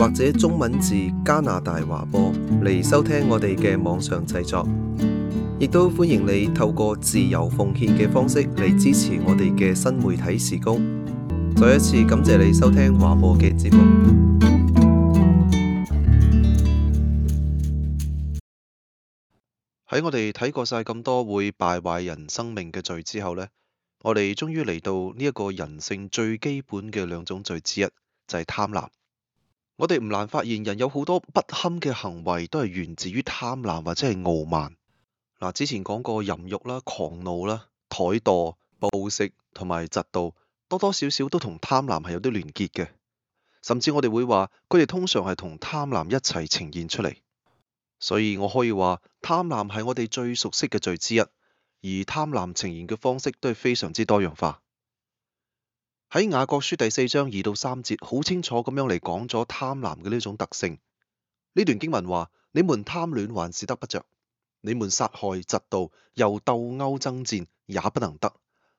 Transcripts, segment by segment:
或者中文字加拿大華播嚟收聽我哋嘅網上製作，亦都歡迎你透過自由奉獻嘅方式嚟支持我哋嘅新媒體事工。再一次感謝你收聽華播嘅節目。喺我哋睇過晒咁多會敗壞人生命嘅罪之後咧，我哋終於嚟到呢一個人性最基本嘅兩種罪之一，就係貪婪。我哋唔難發現，人有好多不堪嘅行為都係源自於貪婪或者係傲慢。嗱，之前講過淫欲啦、狂怒啦、怠惰、暴食同埋嫉妒，多多少少都同貪婪係有啲連結嘅。甚至我哋會話，佢哋通常係同貪婪一齊呈現出嚟。所以我可以話，貪婪係我哋最熟悉嘅罪之一，而貪婪呈現嘅方式都係非常之多樣化。喺《雅各書》第四章二到三節，好清楚咁樣嚟講咗貪婪嘅呢種特性。呢段經文話：你們貪戀還是得不着；你們殺害、嫉妒、又鬥毆爭戰，也不能得。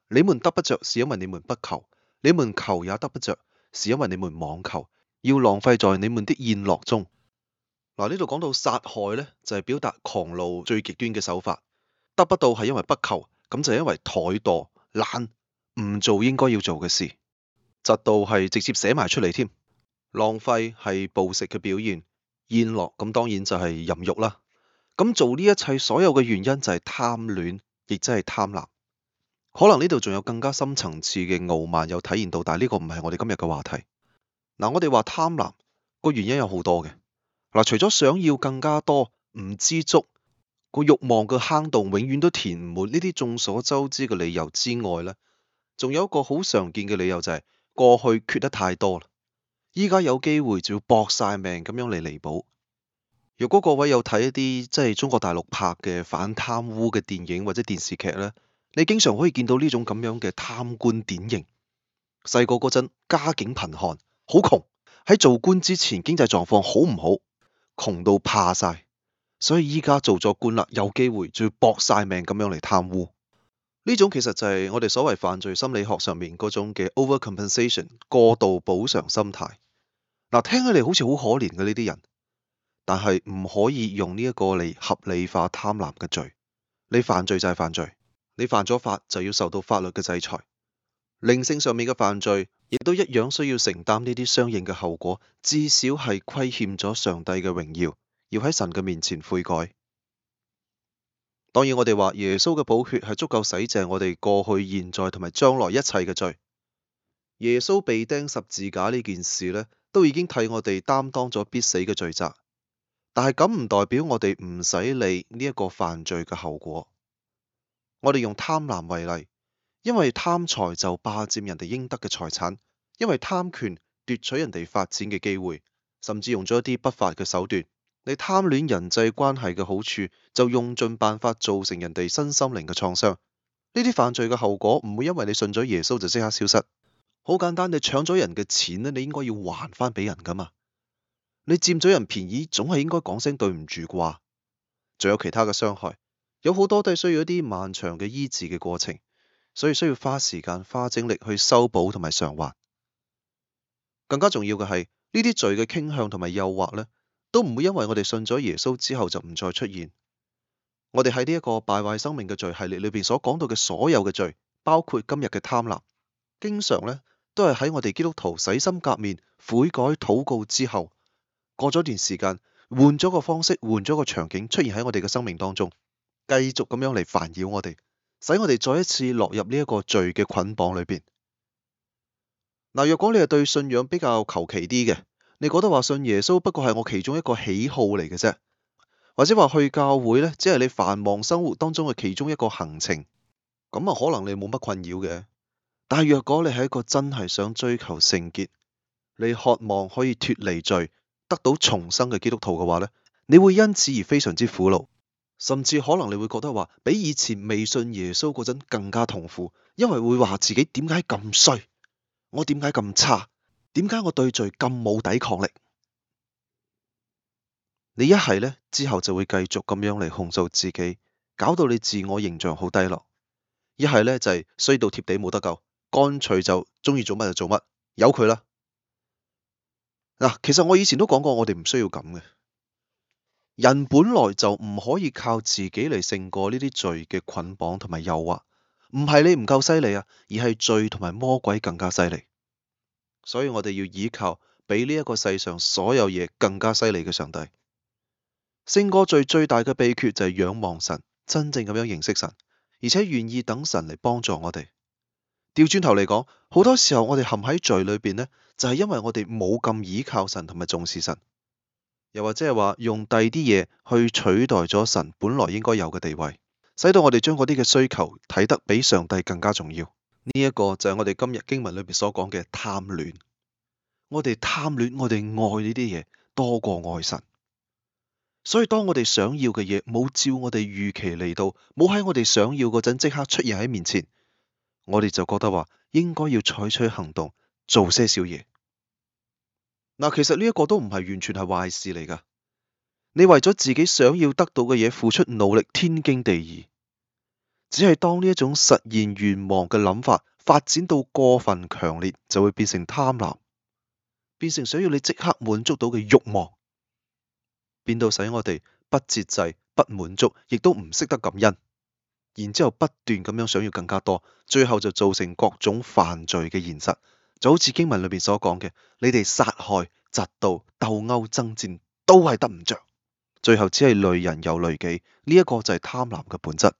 你們得不着，是因為你們不求；你們求也得不着，是因為你們妄求，要浪費在你們的宴樂中。嗱、啊，呢度講到殺害呢，就係、是、表達狂怒最極端嘅手法。得不到係因為不求，咁就是、因為怠惰、懶，唔做應該要做嘅事。窒度係直接寫埋出嚟添，浪費係暴食嘅表現，宴樂咁當然就係淫慾啦。咁做呢一切所有嘅原因就係貪戀，亦即係貪婪。可能呢度仲有更加深層次嘅傲慢有體現到，但係呢個唔係我哋今日嘅話題。嗱，我哋話貪婪，個原因有好多嘅。嗱，除咗想要更加多、唔知足、個慾望嘅坑洞永遠都填唔滿呢啲眾所周知嘅理由之外呢，仲有一個好常見嘅理由就係、是。過去缺得太多啦，依家有機會就要搏晒命咁樣嚟彌補。如果各位有睇一啲即係中國大陸拍嘅反貪污嘅電影或者電視劇呢，你經常可以見到呢種咁樣嘅貪官典型。細個嗰陣家境貧寒，好窮，喺做官之前經濟狀況好唔好，窮到怕晒，所以依家做咗官啦，有機會就要搏晒命咁樣嚟貪污。呢種其實就係我哋所謂犯罪心理學上面嗰種嘅 overcompensation 過度補償心態，嗱，聽起嚟好似好可憐嘅呢啲人，但係唔可以用呢一個嚟合理化貪婪嘅罪，你犯罪就係犯罪，你犯咗法就要受到法律嘅制裁，靈性上面嘅犯罪亦都一樣需要承擔呢啲相應嘅後果，至少係虧欠咗上帝嘅榮耀，要喺神嘅面前悔改。當然我哋話耶穌嘅寶血係足夠洗淨我哋過去、現在同埋將來一切嘅罪。耶穌被釘十字架呢件事呢，都已經替我哋擔當咗必死嘅罪責。但係咁唔代表我哋唔使理呢一個犯罪嘅後果。我哋用貪婪為例，因為貪財就霸佔人哋應得嘅財產，因為貪權奪取人哋發展嘅機會，甚至用咗一啲不法嘅手段。你貪戀人際關係嘅好處，就用盡辦法造成人哋身心靈嘅創傷。呢啲犯罪嘅後果唔會因為你信咗耶穌就即刻消失。好簡單，你搶咗人嘅錢呢，你應該要還翻俾人噶嘛。你佔咗人便宜，總係應該講聲對唔住啩。仲有其他嘅傷害，有好多都係需要一啲漫長嘅醫治嘅過程，所以需要花時間、花精力去修補同埋償還。更加重要嘅係，呢啲罪嘅傾向同埋誘惑呢。都唔會因為我哋信咗耶穌之後就唔再出現。我哋喺呢一個敗壞生命嘅罪系列裏邊所講到嘅所有嘅罪，包括今日嘅貪婪，經常呢都係喺我哋基督徒洗心革面、悔改禱告之後，過咗段時間，換咗個方式、換咗個場景出現喺我哋嘅生命當中，繼續咁樣嚟煩擾我哋，使我哋再一次落入呢一個罪嘅捆綁裏邊。嗱，呃，若果你係對信仰比較求其啲嘅。你覺得話，信耶穌不過係我其中一個喜好嚟嘅啫，或者話去教會呢，只係你繁忙生活當中嘅其中一個行程，咁啊可能你冇乜困擾嘅。但係若果你係一個真係想追求聖潔，你渴望可以脫離罪、得到重生嘅基督徒嘅話呢，你會因此而非常之苦惱，甚至可能你會覺得話比以前未信耶穌嗰陣更加痛苦，因為會話自己點解咁衰，我點解咁差？點解我對罪咁冇抵抗力？你一係咧之後就會繼續咁樣嚟控訴自己，搞到你自我形象好低落。一係咧就係、是、衰到貼地冇得救，乾脆就鍾意做乜就做乜，由佢啦。嗱、啊，其實我以前都講過，我哋唔需要咁嘅。人本來就唔可以靠自己嚟勝過呢啲罪嘅捆綁同埋誘惑，唔係你唔夠犀利啊，而係罪同埋魔鬼更加犀利。所以我哋要依靠比呢一個世上所有嘢更加犀利嘅上帝。勝過罪最最大嘅秘訣就係仰望神，真正咁樣認識神，而且願意等神嚟幫助我哋。調轉頭嚟講，好多時候我哋陷喺罪裏邊呢，就係因為我哋冇咁依靠神同埋重視神，又或者係話用第二啲嘢去取代咗神本來應該有嘅地位，使到我哋將嗰啲嘅需求睇得比上帝更加重要。呢一個就係我哋今日經文裏邊所講嘅貪戀，我哋貪戀我哋愛呢啲嘢，多過愛神，所以當我哋想要嘅嘢冇照我哋預期嚟到，冇喺我哋想要嗰陣即刻出現喺面前，我哋就覺得話應該要採取行動，做些少嘢。嗱，其實呢一個都唔係完全係壞事嚟噶，你為咗自己想要得到嘅嘢付出努力，天經地義。只係當呢一種實現願望嘅諗法發展到過分強烈，就會變成貪婪，變成想要你即刻滿足到嘅欲望，變到使我哋不節制、不滿足，亦都唔識得感恩，然之後不斷咁樣想要更加多，最後就造成各種犯罪嘅現實。就好似經文裏邊所講嘅，你哋殺害、嫉妒、鬥毆、爭戰，都係得唔着，最後只係累人又累己。呢一個就係貪婪嘅本質。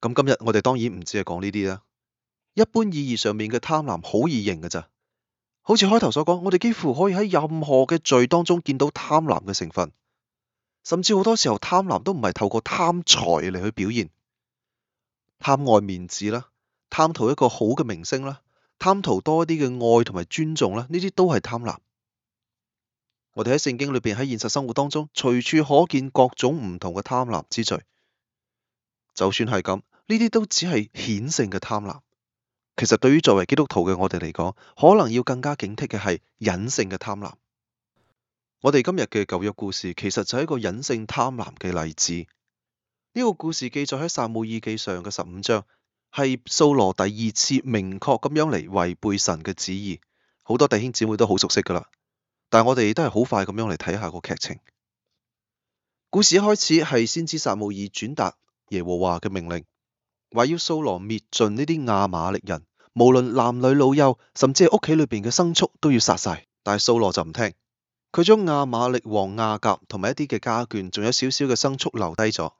咁今日我哋當然唔止係講呢啲啦。一般意義上面嘅貪婪好易認嘅咋，好似開頭所講，我哋幾乎可以喺任何嘅罪當中見到貪婪嘅成分。甚至好多時候貪婪都唔係透過貪財嚟去表現，貪愛面子啦，貪圖一個好嘅名聲啦，貪圖多啲嘅愛同埋尊重啦，呢啲都係貪婪。我哋喺聖經裏邊喺現實生活當中，隨處可見各種唔同嘅貪婪之罪。就算係咁。呢啲都只係顯性嘅貪婪，其實對於作為基督徒嘅我哋嚟講，可能要更加警惕嘅係隱性嘅貪婪。我哋今日嘅舊約故事其實就係一個隱性貪婪嘅例子。呢、這個故事記載喺撒母耳記上嘅十五章，係掃羅第二次明確咁樣嚟違背神嘅旨意。好多弟兄姊妹都好熟悉噶啦，但我哋都係好快咁樣嚟睇下個劇情。故事開始係先知撒母耳轉達耶和華嘅命令，話要掃羅滅盡呢啲亞瑪力人，無論男女老幼，甚至係屋企裏邊嘅牲畜都要殺晒。但係掃羅就唔聽，佢將亞瑪力王亞甲同埋一啲嘅家眷，仲有少少嘅牲畜留低咗。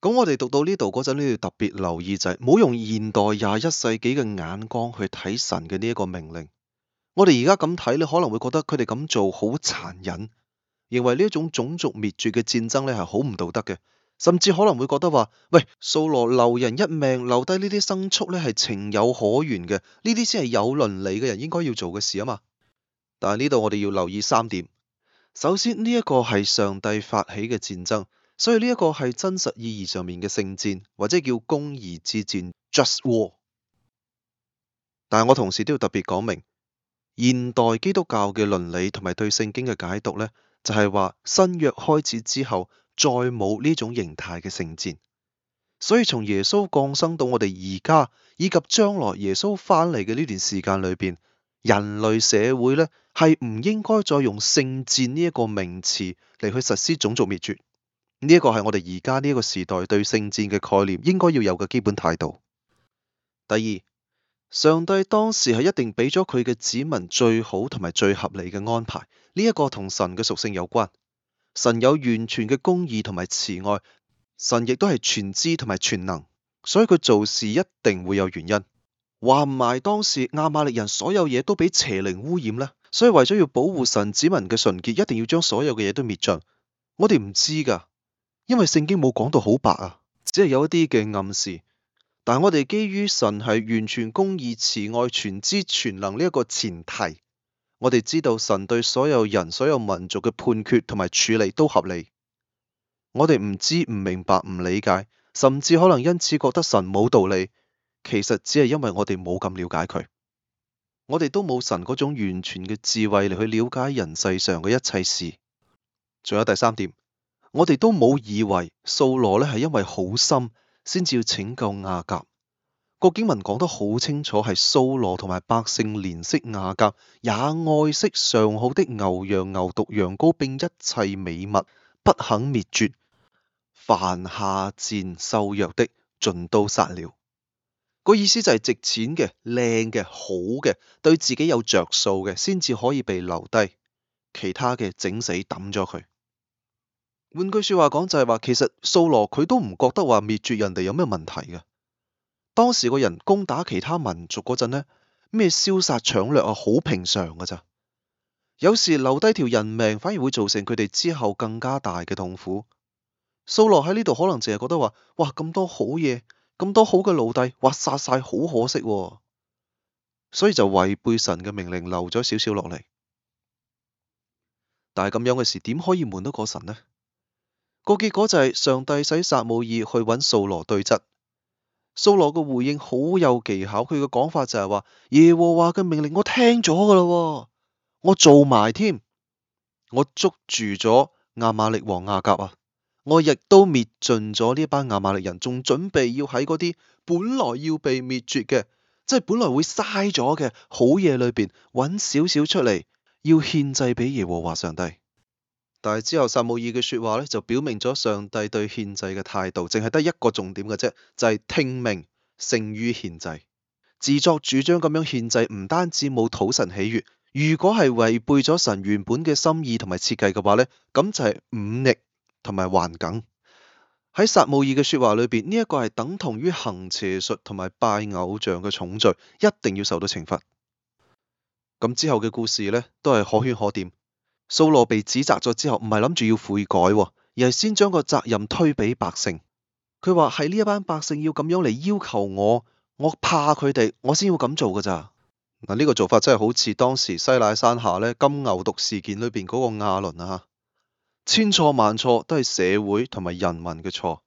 咁我哋讀到呢度嗰陣，呢，要特別留意就係，唔好用現代廿一世紀嘅眼光去睇神嘅呢一個命令。我哋而家咁睇，你可能會覺得佢哋咁做好殘忍，認為呢一種種族滅絕嘅戰爭呢係好唔道德嘅。甚至可能會覺得話，喂，掃羅留人一命，留低呢啲牲畜呢係情有可原嘅，呢啲先係有倫理嘅人應該要做嘅事啊嘛。但係呢度我哋要留意三點。首先呢一個係上帝發起嘅戰爭，所以呢一個係真實意義上面嘅聖戰，或者叫公義之戰 （Just War）。但係我同時都要特別講明，現代基督教嘅倫理同埋對聖經嘅解讀呢，就係話新約開始之後。再冇呢種形態嘅聖戰，所以從耶穌降生到我哋而家以及將來耶穌返嚟嘅呢段時間裏邊，人類社會呢係唔應該再用聖戰呢一個名詞嚟去實施種族滅絕。呢一個係我哋而家呢一個時代對聖戰嘅概念應該要有嘅基本態度。第二，上帝當時係一定俾咗佢嘅子民最好同埋最合理嘅安排，呢一個同神嘅屬性有關。神有完全嘅公義同埋慈愛，神亦都係全知同埋全能，所以佢做事一定會有原因。話唔埋當時亞瑪力人所有嘢都俾邪靈污染呢，所以為咗要保護神子民嘅純潔，一定要將所有嘅嘢都滅盡。我哋唔知噶，因為聖經冇講到好白啊，只係有一啲嘅暗示。但係我哋基於神係完全公義、慈愛、全知、全能呢一個前提。我哋知道神對所有人、所有民族嘅判決同埋處理都合理。我哋唔知、唔明白、唔理解，甚至可能因此覺得神冇道理。其實只係因為我哋冇咁了解佢。我哋都冇神嗰種完全嘅智慧嚟去了解人世上嘅一切事。仲有第三點，我哋都冇以為掃羅咧，係因為好心先至要拯救亞甲。個經文講得好清楚，係掃羅同埋百姓憐惜亞甲，也愛惜上好的牛羊、牛犢、羊羔，並一切美物，不肯滅絕。凡下賤瘦弱的，盡都殺了。個意思就係值錢嘅、靚嘅、好嘅，對自己有着數嘅，先至可以被留低；其他嘅整死抌咗佢。換句說話講就係話，其實掃羅佢都唔覺得話滅絕人哋有咩問題嘅。當時個人攻打其他民族嗰陣呢，咩燒殺搶掠啊，好平常噶咋。有時留低條人命，反而會造成佢哋之後更加大嘅痛苦。掃羅喺呢度可能淨係覺得話，哇咁多好嘢，咁多好嘅奴隸，哇殺晒好可惜喎，啊，所以就違背神嘅命令留咗少少落嚟。但係咁樣嘅事點可以瞞得過神呢？個結果就係上帝使撒母耳去揾掃羅對質。蘇掃羅嘅回應好有技巧，佢嘅講法就係話：耶和華嘅命令我聽咗㗎喇，我做埋添，我捉住咗亞瑪力王亞甲啊，我亦都滅盡咗呢班亞瑪力人，仲準備要喺嗰啲本來要被滅絕嘅，即係本來會嘥咗嘅好嘢裏邊，搵少少出嚟，要獻祭俾耶和華上帝。但係之後，撒母耳嘅說話咧就表明咗上帝對獻祭嘅態度，淨係得一個重點嘅啫，就係、是、聽命勝於獻祭。自作主張咁樣獻祭，唔單止冇土神喜悅，如果係違背咗神原本嘅心意同埋設計嘅話呢，咁就係忤逆同埋頑梗。喺撒母耳嘅說話裏邊，呢、這、一個係等同於行邪術同埋拜偶像嘅重罪，一定要受到懲罰。咁之後嘅故事呢，都係可圈可點。掃羅被指責咗之後，唔係諗住要悔改，而係先將個責任推俾百姓。佢話係呢一班百姓要咁樣嚟要求我，我怕佢哋，我先要咁做噶咋。嗱，呢個做法真係好似當時西奈山下咧金牛犢事件裏邊嗰個亞倫啊，千錯萬錯都係社會同埋人民嘅錯，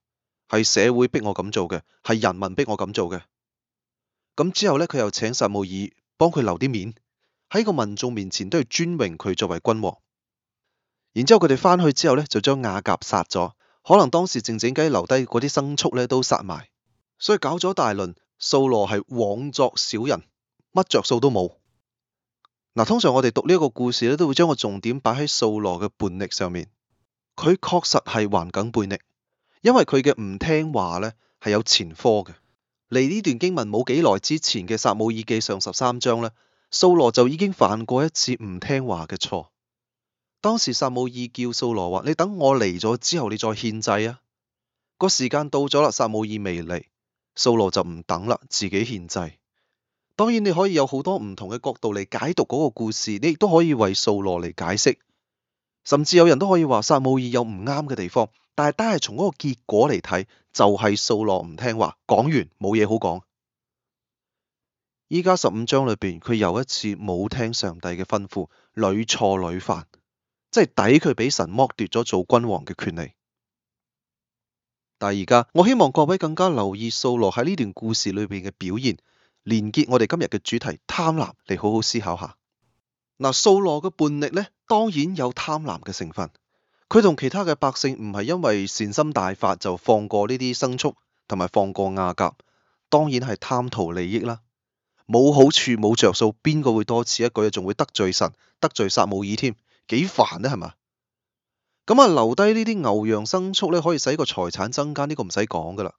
係社會逼我咁做嘅，係人民逼我咁做嘅。咁之後呢，佢又請撒母耳幫佢留啲面，喺個民眾面前都要尊榮佢作為君王。然之後佢哋返去之後呢，就將亞甲殺咗。可能當時靜靜雞留低嗰啲牲畜呢都殺埋，所以搞咗大輪。掃羅係枉作小人，乜着數都冇。嗱，通常我哋讀呢一個故事呢，都會將個重點擺喺掃羅嘅叛逆上面。佢確實係環境叛逆，因為佢嘅唔聽話呢係有前科嘅。嚟呢段經文冇幾耐之前嘅《撒母耳記》上十三章呢，掃羅就已經犯過一次唔聽話嘅錯。當時撒母耳叫掃羅話：你等我嚟咗之後，你再獻祭啊！個時間到咗啦，撒母耳未嚟，掃羅就唔等啦，自己獻祭。當然你可以有好多唔同嘅角度嚟解讀嗰個故事，你亦都可以為掃羅嚟解釋，甚至有人都可以話撒母耳有唔啱嘅地方。但係單係從嗰個結果嚟睇，就係掃羅唔聽話。講完冇嘢好講。依家十五章裏邊，佢又一次冇聽上帝嘅吩咐，屢錯屢犯。即係抵佢俾神剝奪咗做君王嘅權利，但而家我希望各位更加留意掃羅喺呢段故事裏邊嘅表現，連結我哋今日嘅主題貪婪嚟好好思考下。嗱，掃羅嘅叛逆呢，當然有貪婪嘅成分。佢同其他嘅百姓唔係因為善心大發就放過呢啲牲畜，同埋放過亞甲，當然係貪圖利益啦。冇好處冇着數，邊個會多此一舉，仲會得罪神，得罪撒母耳添。幾煩呢係嘛？咁啊，留低呢啲牛羊牲畜呢，可以使個財產增加，呢個唔使講噶啦。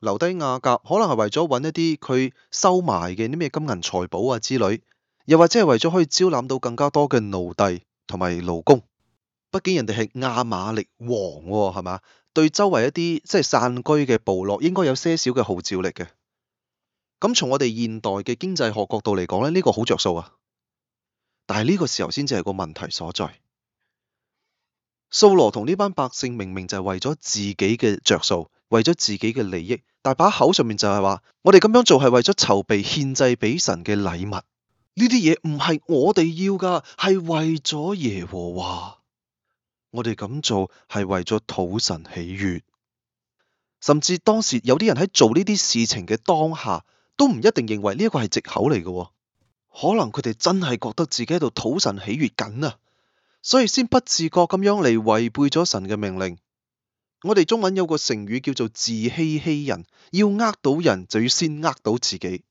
留低亞甲，可能係為咗搵一啲佢收埋嘅啲咩金銀財寶啊之類，又或者係為咗可以招攬到更加多嘅奴隸同埋勞工。畢竟人哋係亞瑪力王，係嘛？對周圍一啲即係散居嘅部落，應該有些少嘅號召力嘅。咁從我哋現代嘅經濟學角度嚟講呢，呢個好着數啊。但係呢個時候先至係個問題所在，掃羅同呢班百姓明明就係為咗自己嘅着數，為咗自己嘅利益，但把口上面就係話，我哋咁樣做係為咗籌備獻祭俾神嘅禮物，呢啲嘢唔係我哋要噶，係為咗耶和華，我哋咁做係為咗討神喜悦，甚至當時有啲人喺做呢啲事情嘅當下，都唔一定認為呢一個係借口嚟嘅。可能佢哋真係覺得自己喺度討神喜悦緊啊，所以先不自覺咁樣嚟違背咗神嘅命令。我哋中文有個成語叫做自欺欺人，要呃到人就要先呃到自己。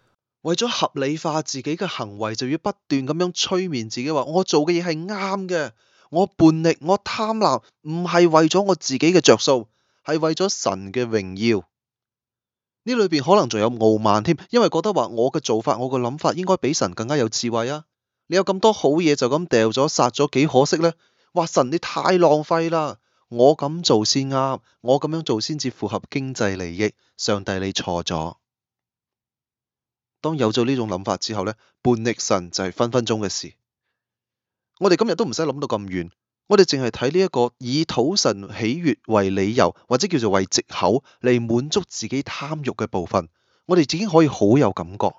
為咗合理化自己嘅行為，就要不斷咁樣催眠自己話：我做嘅嘢係啱嘅，我叛逆，我貪婪，唔係為咗我自己嘅着數，係為咗神嘅榮耀。呢裏邊可能仲有傲慢添，因為覺得話我嘅做法、我嘅諗法應該比神更加有智慧啊！你有咁多好嘢就咁掉咗、殺咗，幾可惜呢？哇「話神你太浪費啦，我咁做先啱，我咁樣做先至符合經濟利益。上帝你錯咗。」當有咗呢種諗法之後呢，叛逆神就係分分鐘嘅事。我哋今日都唔使諗到咁遠。我哋淨係睇呢一個以討神喜悦為理由，或者叫做為藉口嚟，滿足自己貪慾嘅部分，我哋已經可以好有感覺。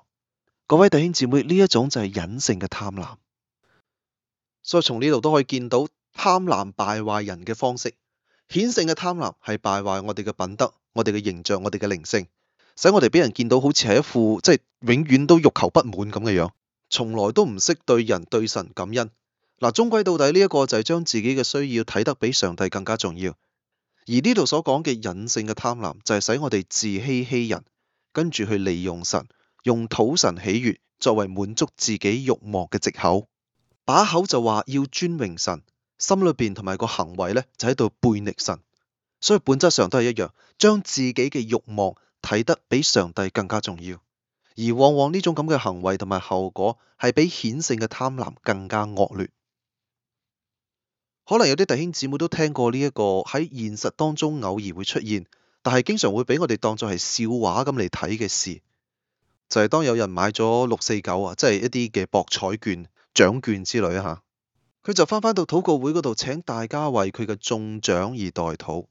各位弟兄姊妹，呢一種就係隱性嘅貪婪，所以從呢度都可以見到貪婪敗壞人嘅方式。顯性嘅貪婪係敗壞我哋嘅品德、我哋嘅形象、我哋嘅靈性，使我哋俾人見到好似係一副即係永遠都欲求不滿咁嘅樣，從來都唔識對人對神感恩。嗱，終歸到底呢一個就係將自己嘅需要睇得比上帝更加重要，而呢度所講嘅隱性嘅貪婪就係使我哋自欺欺人，跟住去利用神，用討神喜悅作為滿足自己欲望嘅藉口，把口就話要尊榮神，心裏邊同埋個行為呢，就喺度背逆神，所以本質上都係一樣，將自己嘅欲望睇得比上帝更加重要，而往往呢種咁嘅行為同埋後果係比顯性嘅貪婪更加惡劣。可能有啲弟兄姊妹都聽過呢一個喺現實當中偶爾會出現，但係經常會俾我哋當作係笑話咁嚟睇嘅事，就係當有人買咗六四九啊，即係一啲嘅博彩券、獎券之類吓，佢就翻返到禱告會嗰度，請大家為佢嘅中獎而代禱。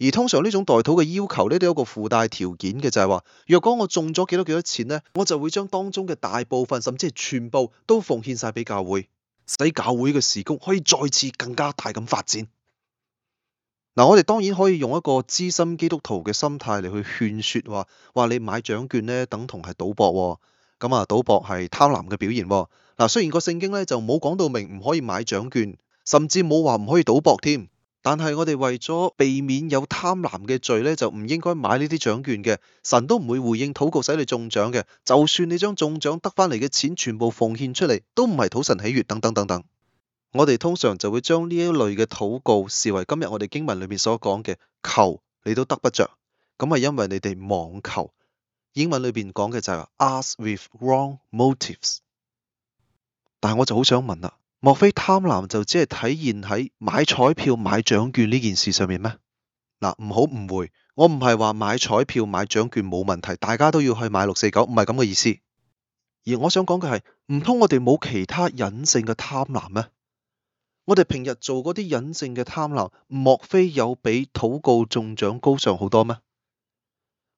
而通常呢種代禱嘅要求咧，都有個附帶條件嘅，就係話，若果我中咗幾多幾多錢呢，我就會將當中嘅大部分，甚至係全部都奉獻晒俾教會。使教會嘅事工可以再次更加大咁發展。嗱、嗯，我哋當然可以用一個資深基督徒嘅心態嚟去勸說，話：話你買獎券咧，等同係賭博、哦，咁、嗯、啊，賭博係貪婪嘅表現、哦。嗱、嗯，雖然個聖經咧就冇講到明唔可以買獎券，甚至冇話唔可以賭博添。但係我哋為咗避免有貪婪嘅罪呢就唔應該買呢啲獎券嘅。神都唔會回應禱告使你中獎嘅。就算你將中獎得返嚟嘅錢全部奉獻出嚟，都唔係討神喜悅。等等等等， 我哋通常就會將呢一類嘅禱告視為今日我哋經文裏面所講嘅求你都得不着。咁係因為你哋妄求。英文裏面講嘅就係 Ask with wrong motives。但係我就好想問啦。莫非貪婪就只係體現喺買彩票買獎券呢件事上面咩？嗱，唔好誤會，我唔係話買彩票買獎券冇問題，大家都要去買六四九，唔係咁嘅意思。而我想講嘅係，唔通我哋冇其他隱性嘅貪婪咩？我哋平日做嗰啲隱性嘅貪婪，莫非有比禱告中獎高尚好多咩？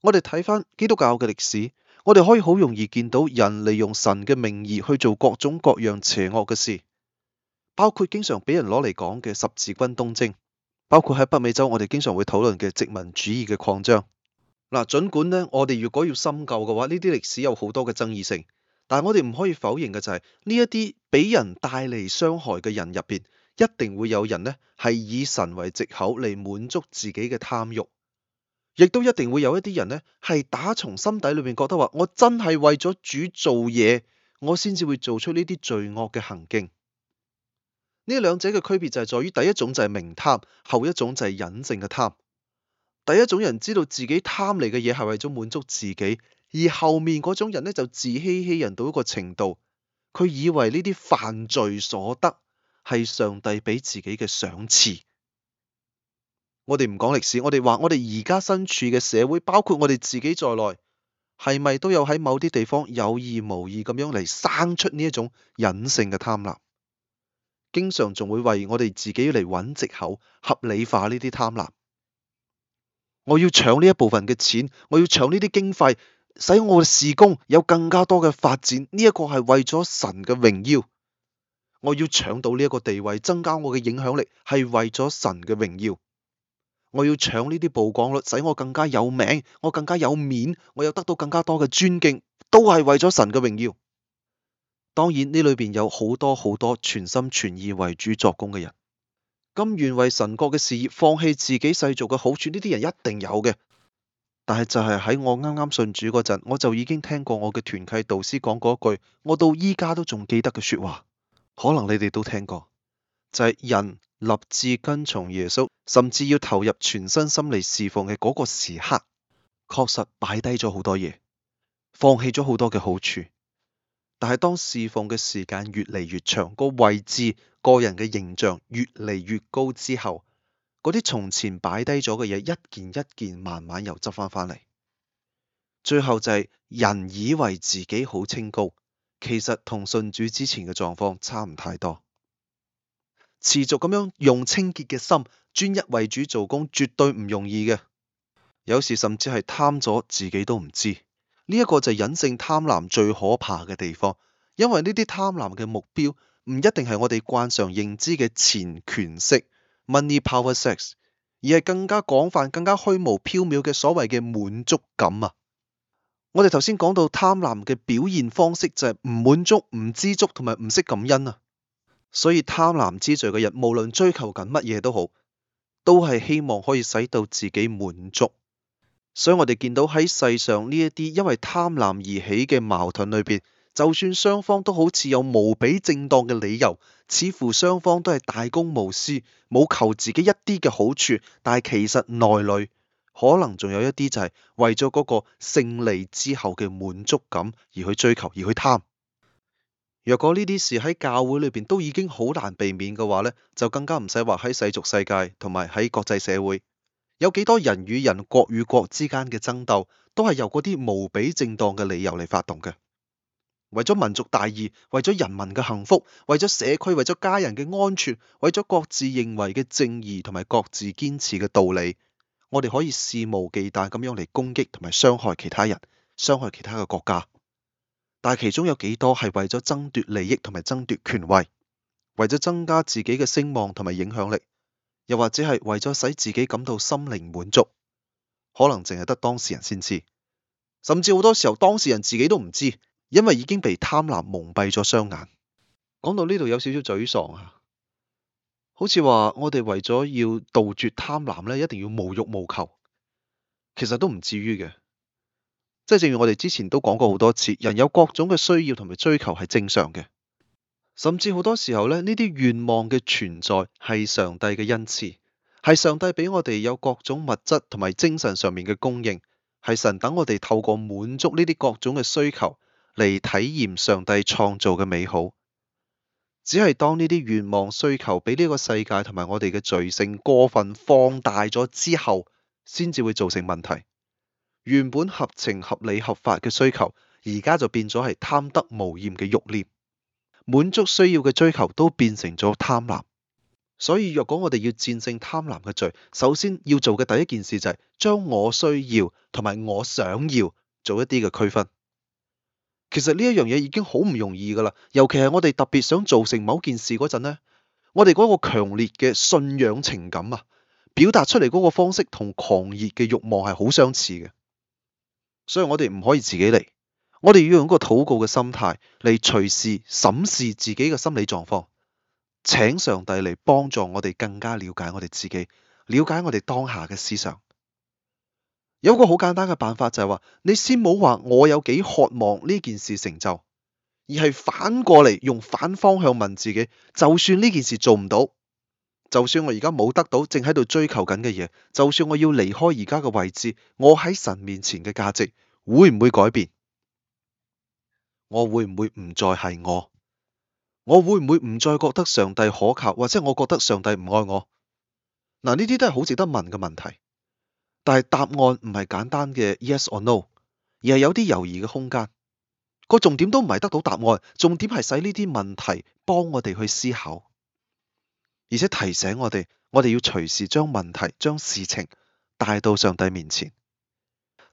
我哋睇翻基督教嘅歷史，我哋可以好容易見到人利用神嘅名義去做各種各樣邪惡嘅事。包括經常俾人攞嚟講嘅十字軍東征，包括喺北美洲我哋經常會討論嘅殖民主義嘅擴張。嗱，儘管呢，我哋如果要深究嘅話，呢啲歷史有好多嘅爭議性，但係我哋唔可以否認嘅就係呢一啲俾人帶嚟傷害嘅人入邊，一定會有人呢係以神為藉口嚟滿足自己嘅貪欲，亦都一定會有一啲人呢係打從心底裏面覺得話，我真係為咗主做嘢，我先至會做出呢啲罪惡嘅行徑。呢兩者嘅區別就係在於，第一種就係明貪，後一種就係隱性嘅貪。第一種人知道自己貪嚟嘅嘢係為咗滿足自己，而後面嗰種人呢，就自欺欺人到一個程度，佢以為呢啲犯罪所得係上帝俾自己嘅賞賜。我哋唔講歷史，我哋話我哋而家身處嘅社會，包括我哋自己在內，係咪都有喺某啲地方有意無意咁樣嚟生出呢一種隱性嘅貪婪？經常仲會為我哋自己嚟揾藉口，合理化呢啲貪婪。我要搶呢一部分嘅錢，我要搶呢啲經費，使我嘅事工有更加多嘅發展。呢一個係為咗神嘅榮耀。我要搶到呢一個地位，增加我嘅影響力，係為咗神嘅榮耀。我要搶呢啲曝光率，使我更加有名，我更加有面，我又得到更加多嘅尊敬，都係為咗神嘅榮耀。當然呢裏邊有好多好多全心全意為主作工嘅人，甘願為神國嘅事業放棄自己世俗嘅好處，呢啲人一定有嘅。但係就係喺我啱啱信主嗰陣，我就已經聽過我嘅團契導師講過一句，我到依家都仲記得嘅說話。可能你哋都聽過，就係、是、人立志跟從耶穌，甚至要投入全身心嚟侍奉嘅嗰個時刻，確實擺低咗好多嘢，放棄咗好多嘅好處。但係當侍奉嘅時間越嚟越長，個位置、個人嘅形象越嚟越高之後，嗰啲從前擺低咗嘅嘢，一件一件慢慢又執返返嚟，最後就係、是、人以為自己好清高，其實同信主之前嘅狀況差唔太多。持續咁樣用清潔嘅心，專一為主做工，絕對唔容易嘅。有時甚至係貪咗，自己都唔知。呢一個就係人性貪婪最可怕嘅地方，因為呢啲貪婪嘅目標唔一定係我哋慣常認知嘅錢權色 money power sex，而係更加廣泛、更加虛無縹緲嘅所謂嘅滿足感啊！我哋頭先講到貪婪嘅表現方式就係唔滿足、唔知足同埋唔識感恩啊！所以貪婪之罪嘅人，無論追求緊乜嘢都好，都係希望可以使到自己滿足。所以我哋見到喺世上呢一啲因為貪婪而起嘅矛盾裏邊，就算雙方都好似有無比正當嘅理由，似乎雙方都係大公無私，冇求自己一啲嘅好處，但係其實內裏可能仲有一啲就係為咗嗰個勝利之後嘅滿足感而去追求，而去貪。若果呢啲事喺教會裏邊都已經好難避免嘅話呢，就更加唔使話喺世俗世界同埋喺國際社會。有幾多人與人、國與國之間嘅爭鬥，都係由嗰啲無比正當嘅理由嚟發動嘅。為咗民族大義，為咗人民嘅幸福，為咗社區，為咗家人嘅安全，為咗各自認為嘅正義同埋各自堅持嘅道理，我哋可以肆無忌憚咁樣嚟攻擊同埋傷害其他人，傷害其他嘅國家。但係其中有幾多係為咗爭奪利益同埋爭奪權位，為咗增加自己嘅聲望同埋影響力。又或者係為咗使自己感到心靈滿足，可能淨係得當事人先知，甚至好多時候當事人自己都唔知，因為已經被貪婪蒙蔽咗雙眼。講到呢度有少少沮喪啊，好似話我哋為咗要杜絕貪婪呢，一定要無欲無求，其實都唔至於嘅。即係正如我哋之前都講過好多次，人有各種嘅需要同埋追求係正常嘅。甚至好多時候咧，呢啲願望嘅存在係上帝嘅恩賜，係上帝俾我哋有各種物質同埋精神上面嘅供應，係神等我哋透過滿足呢啲各種嘅需求嚟體驗上帝創造嘅美好。只係當呢啲願望、需求俾呢個世界同埋我哋嘅罪性過分放大咗之後，先至會造成問題。原本合情合理合法嘅需求，而家就變咗係貪得無厭嘅欲念。滿足需要嘅追求都變成咗貪婪，所以若果我哋要戰勝貪婪嘅罪，首先要做嘅第一件事就係將我需要同埋我想要做一啲嘅區分。其實呢一樣嘢已經好唔容易噶啦，尤其係我哋特別想做成某件事嗰陣呢。我哋嗰個強烈嘅信仰情感啊，表達出嚟嗰個方式同狂熱嘅欲望係好相似嘅，所以我哋唔可以自己嚟。我哋要用個禱告嘅心態嚟隨時審視自己嘅心理狀況，請上帝嚟幫助我哋更加了解我哋自己，了解我哋當下嘅思想。有個好簡單嘅辦法就係話，你先冇話我有幾渴望呢件事成就，而係反過嚟用反方向問自己：就算呢件事做唔到，就算我而家冇得到正喺度追求緊嘅嘢，就算我要離開而家嘅位置，我喺神面前嘅價值會唔會改變？我會唔會唔再係我？我會唔會唔再覺得上帝可靠，或者我覺得上帝唔愛我？嗱，呢啲都係好值得問嘅問題，但係答案唔係簡單嘅 yes or no，而係有啲猶豫嘅空間個重點都唔係得到答案，重點係使呢啲問題幫我哋去思考，而且提醒我哋，我哋要隨時將問題、將事情帶到上帝面前，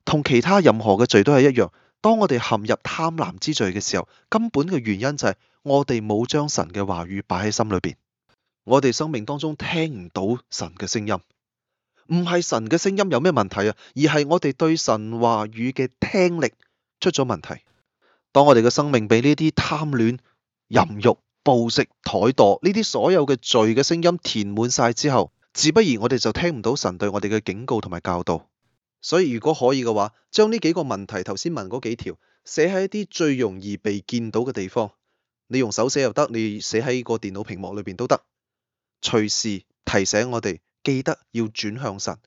同其他任何嘅罪都係一樣。當我哋陷入貪婪之罪嘅時候，根本嘅原因就係我哋冇將神嘅話語擺喺心裏邊，我哋生命當中聽唔到神嘅聲音，唔係神嘅聲音有咩問題啊，而係我哋對神話語嘅聽力出咗問題。當我哋嘅生命畀呢啲貪戀、淫慾、暴食、怠惰、呢啲所有嘅罪嘅聲音填滿晒之後，自不然我哋就聽唔到神對我哋嘅警告同埋教導。所以如果可以嘅話，將呢幾個問題頭先問嗰幾條寫喺一啲最容易被見到嘅地方，你用手寫又得，你寫喺個電腦屏幕裏邊都得，隨時提醒我哋記得要轉向神，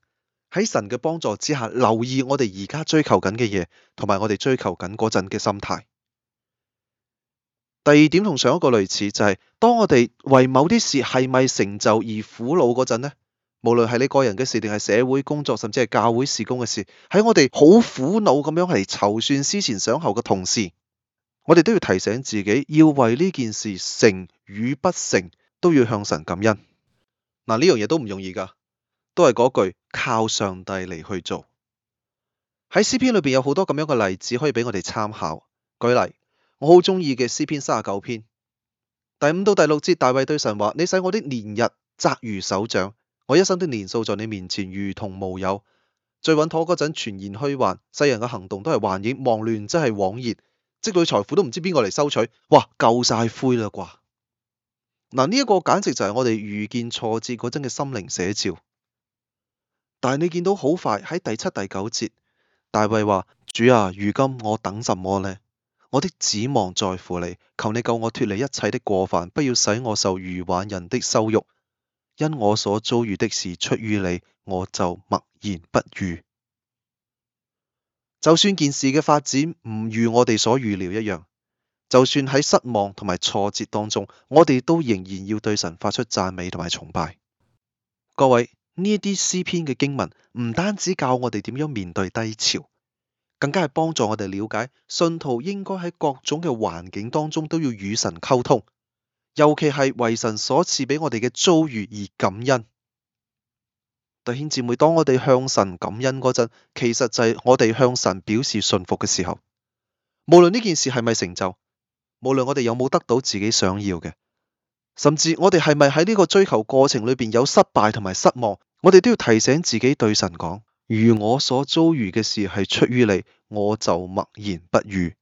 喺神嘅幫助之下，留意我哋而家追求緊嘅嘢，同埋我哋追求緊嗰陣嘅心態。第二點同上一個類似，就係、是、當我哋為某啲事係咪成就而苦惱嗰陣呢。無論係你個人嘅事，定係社會工作，甚至係教會事工嘅事，喺我哋好苦惱咁樣嚟籌算思前想後嘅同時，我哋都要提醒自己，要為呢件事成與不成，都要向神感恩。嗱，呢樣嘢都唔容易噶，都係嗰句靠上帝嚟去做。喺詩篇裏邊有好多咁樣嘅例子可以俾我哋參考。舉例，我好中意嘅詩篇三十九篇第五到第六節，大衛對神話：你使我啲年日窄如手掌。我一生的年數在你面前如同無有，最穩妥嗰陣全然虛幻，世人嘅行動都係幻影，忙亂真係枉然，積累財富都唔知邊個嚟收取，哇，夠晒灰喇啩！嗱，呢一個簡直就係我哋遇見挫折嗰陣嘅心靈寫照。但係你見到好快喺第七、第九節，大衛話：主啊，如今我等什麼呢？我的指望在乎你，求你救我脫離一切的過犯，不要使我受愚頑人的羞辱。因我所遭遇的事出於你，我就默然不語。就算件事嘅發展唔如我哋所預料一樣，就算喺失望同埋挫折當中，我哋都仍然要對神發出讚美同埋崇拜。各位，呢一啲詩篇嘅經文，唔單止教我哋點樣面對低潮，更加係幫助我哋了解信徒應該喺各種嘅環境當中都要與神溝通。尤其係為神所賜俾我哋嘅遭遇而感恩。弟兄姊妹，當我哋向神感恩嗰陣，其實就係我哋向神表示信服嘅時候。無論呢件事係咪成就，無論我哋有冇得到自己想要嘅，甚至我哋係咪喺呢個追求過程裏邊有失敗同埋失望，我哋都要提醒自己對神講：「如我所遭遇嘅事係出於你，我就默然不語。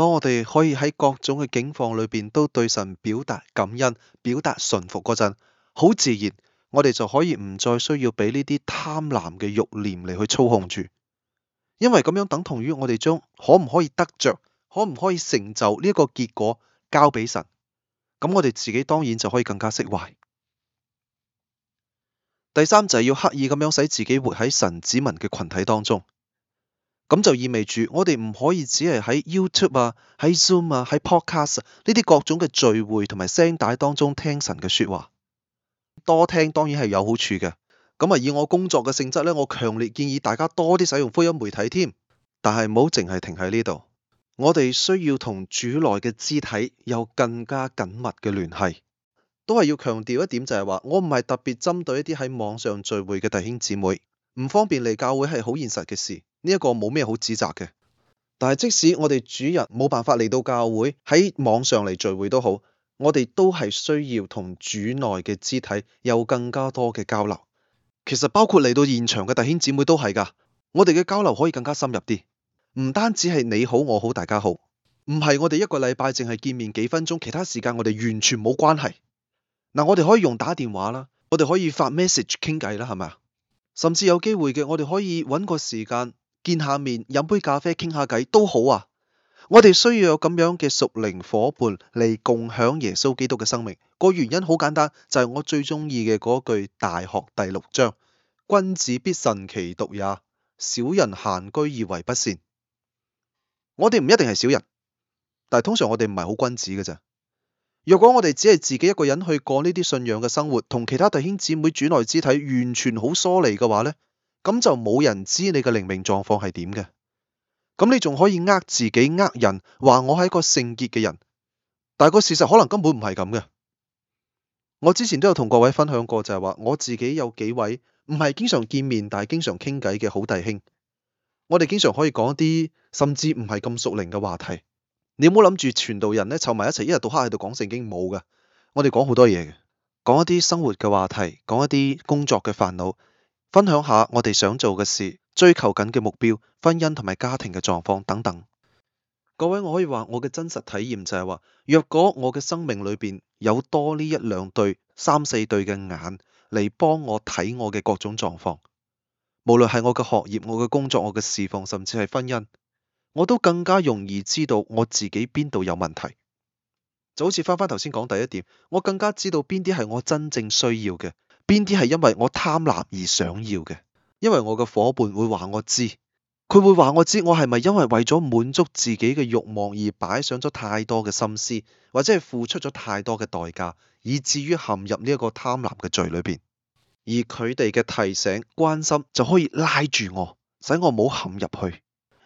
當我哋可以喺各種嘅境況裏邊都對神表達感恩、表達順服嗰陣，好自然，我哋就可以唔再需要俾呢啲貪婪嘅欲念嚟去操控住，因為咁樣等同於我哋將可唔可以得着、可唔可以成就呢個結果交俾神，咁我哋自己當然就可以更加釋懷。第三就係要刻意咁樣使自己活喺神子民嘅群體當中。咁就意味住我哋唔可以只係喺 YouTube 啊、喺 Zoom 啊、喺 Podcast 呢、啊、啲各種嘅聚會同埋聲帶當中聽神嘅説話。多聽當然係有好處嘅。咁啊，以我工作嘅性質呢，我強烈建議大家多啲使用福音媒體添。但係唔好淨係停喺呢度。我哋需要同主內嘅肢體有更加緊密嘅聯繫。都係要強調一點就，就係話我唔係特別針對一啲喺網上聚會嘅弟兄姊妹，唔方便嚟教會係好現實嘅事。呢一個冇咩好指責嘅，但係即使我哋主日冇辦法嚟到教會喺網上嚟聚會都好，我哋都係需要同主內嘅肢體有更加多嘅交流。其實包括嚟到現場嘅弟兄姊妹都係噶，我哋嘅交流可以更加深入啲，唔單止係你好我好大家好，唔係我哋一個禮拜淨係見面幾分鐘，其他時間我哋完全冇關係。嗱，我哋可以用打電話啦，我哋可以發 message 傾偈啦，係咪啊？甚至有機會嘅，我哋可以揾個時間。見下面飲杯咖啡傾下偈都好啊！我哋需要有咁樣嘅屬靈夥伴嚟共享耶穌基督嘅生命。個原因好簡單，就係、是、我最中意嘅嗰句《大學》第六章：君子必慎其獨也，小人閒居而為不善。我哋唔一定係小人，但係通常我哋唔係好君子嘅咋，若果我哋只係自己一個人去過呢啲信仰嘅生活，同其他弟兄姊妹主內之體完全好疏離嘅話呢，咁就冇人知你嘅靈命狀況係點嘅，咁你仲可以呃自己、呃人，話我係一個聖潔嘅人，但係個事實可能根本唔係咁嘅。我之前都有同各位分享過就，就係話我自己有幾位唔係經常見面，但係經常傾偈嘅好弟兄，我哋經常可以講一啲甚至唔係咁屬靈嘅話題。你有冇諗住全道人呢？湊埋一齊，一日到黑喺度講聖經冇噶，我哋講好多嘢嘅，講一啲生活嘅話題，講一啲工作嘅煩惱。分享下我哋想做嘅事、追求緊嘅目標、婚姻同埋家庭嘅狀況等等。各位，我可以話我嘅真實體驗就係話，若果我嘅生命裏邊有多呢一兩對、三四對嘅眼嚟幫我睇我嘅各種狀況，無論係我嘅學業、我嘅工作、我嘅侍奉，甚至係婚姻，我都更加容易知道我自己邊度有問題。就好似翻翻頭先講第一點，我更加知道邊啲係我真正需要嘅。邊啲係因為我貪婪而想要嘅？因為我嘅伙伴會話我知，佢會話我知，我係咪因為為咗滿足自己嘅慾望而擺上咗太多嘅心思，或者係付出咗太多嘅代價，以至於陷入呢一個貪婪嘅罪裏邊？而佢哋嘅提醒、關心就可以拉住我，使我冇陷入去。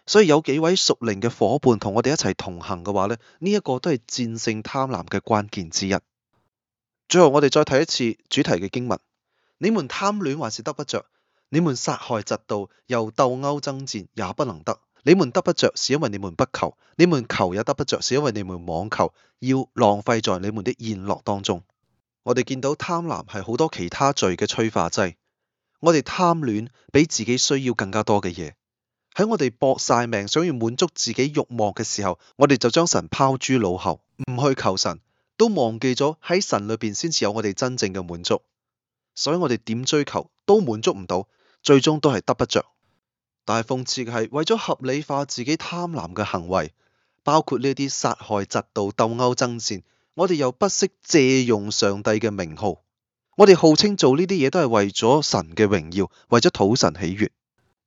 所以有幾位屬靈嘅伙伴同我哋一齊同行嘅話呢，呢一個都係戰勝貪婪嘅關鍵之一。最後我哋再睇一次主題嘅經文：你們貪戀還是得不着；你們殺害嫉妒又鬥毆、爭戰，也不能得。你們得不着，是因為你們不求；你們求也得不着，是因為你們妄求，要浪費在你們的宴樂當中。我哋見到貪婪係好多其他罪嘅催化劑。我哋貪戀比自己需要更加多嘅嘢，喺我哋搏晒命想要滿足自己慾望嘅時候，我哋就將神拋諸腦後，唔去求神。都忘記咗喺神裏邊先至有我哋真正嘅滿足，所以我哋點追求都滿足唔到，最終都係得不着。但係諷刺嘅係，為咗合理化自己貪婪嘅行為，包括呢啲殺害、賊盜、鬥毆、爭戰，我哋又不惜借用上帝嘅名號，我哋號稱做呢啲嘢都係為咗神嘅榮耀，為咗討神喜悅。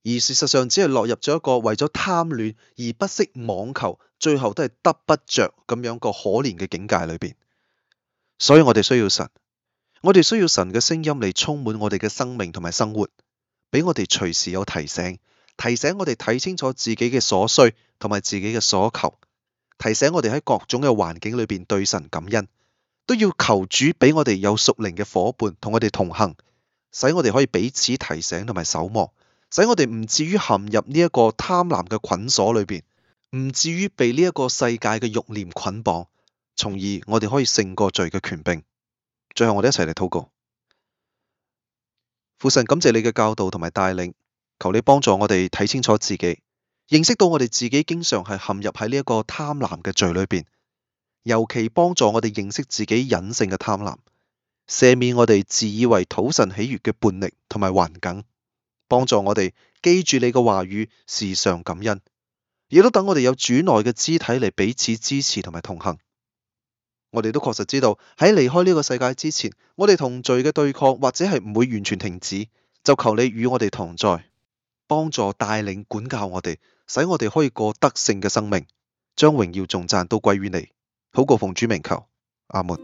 而事實上，只係落入咗一個為咗貪戀而不惜妄求，最後都係得不着咁樣個可憐嘅境界裏邊。所以我哋需要神，我哋需要神嘅聲音嚟充滿我哋嘅生命同埋生活，俾我哋隨時有提醒，提醒我哋睇清楚自己嘅所需同埋自己嘅所求，提醒我哋喺各種嘅環境裏邊對神感恩，都要求主俾我哋有屬靈嘅夥伴同我哋同行，使我哋可以彼此提醒同埋守望。使我哋唔至於陷入呢一個貪婪嘅捆鎖裏邊，唔至於被呢一個世界嘅欲念捆綁，從而我哋可以勝過罪嘅權柄。最後我哋一齊嚟禱告，父神感謝你嘅教導同埋帶領，求你幫助我哋睇清楚自己，認識到我哋自己經常係陷入喺呢一個貪婪嘅罪裏邊，尤其幫助我哋認識自己隱性嘅貪婪，赦免我哋自以為討神喜悅嘅叛逆同埋頑梗。」幫助我哋記住你嘅話語，時常感恩，亦都等我哋有主內嘅肢體嚟彼此支持同埋同行。我哋都確實知道喺離開呢個世界之前，我哋同罪嘅對抗或者係唔會完全停止，就求你與我哋同在，幫助帶領管教我哋，使我哋可以過得勝嘅生命，將榮耀頌讚都歸於你。禱告奉主名求，阿門。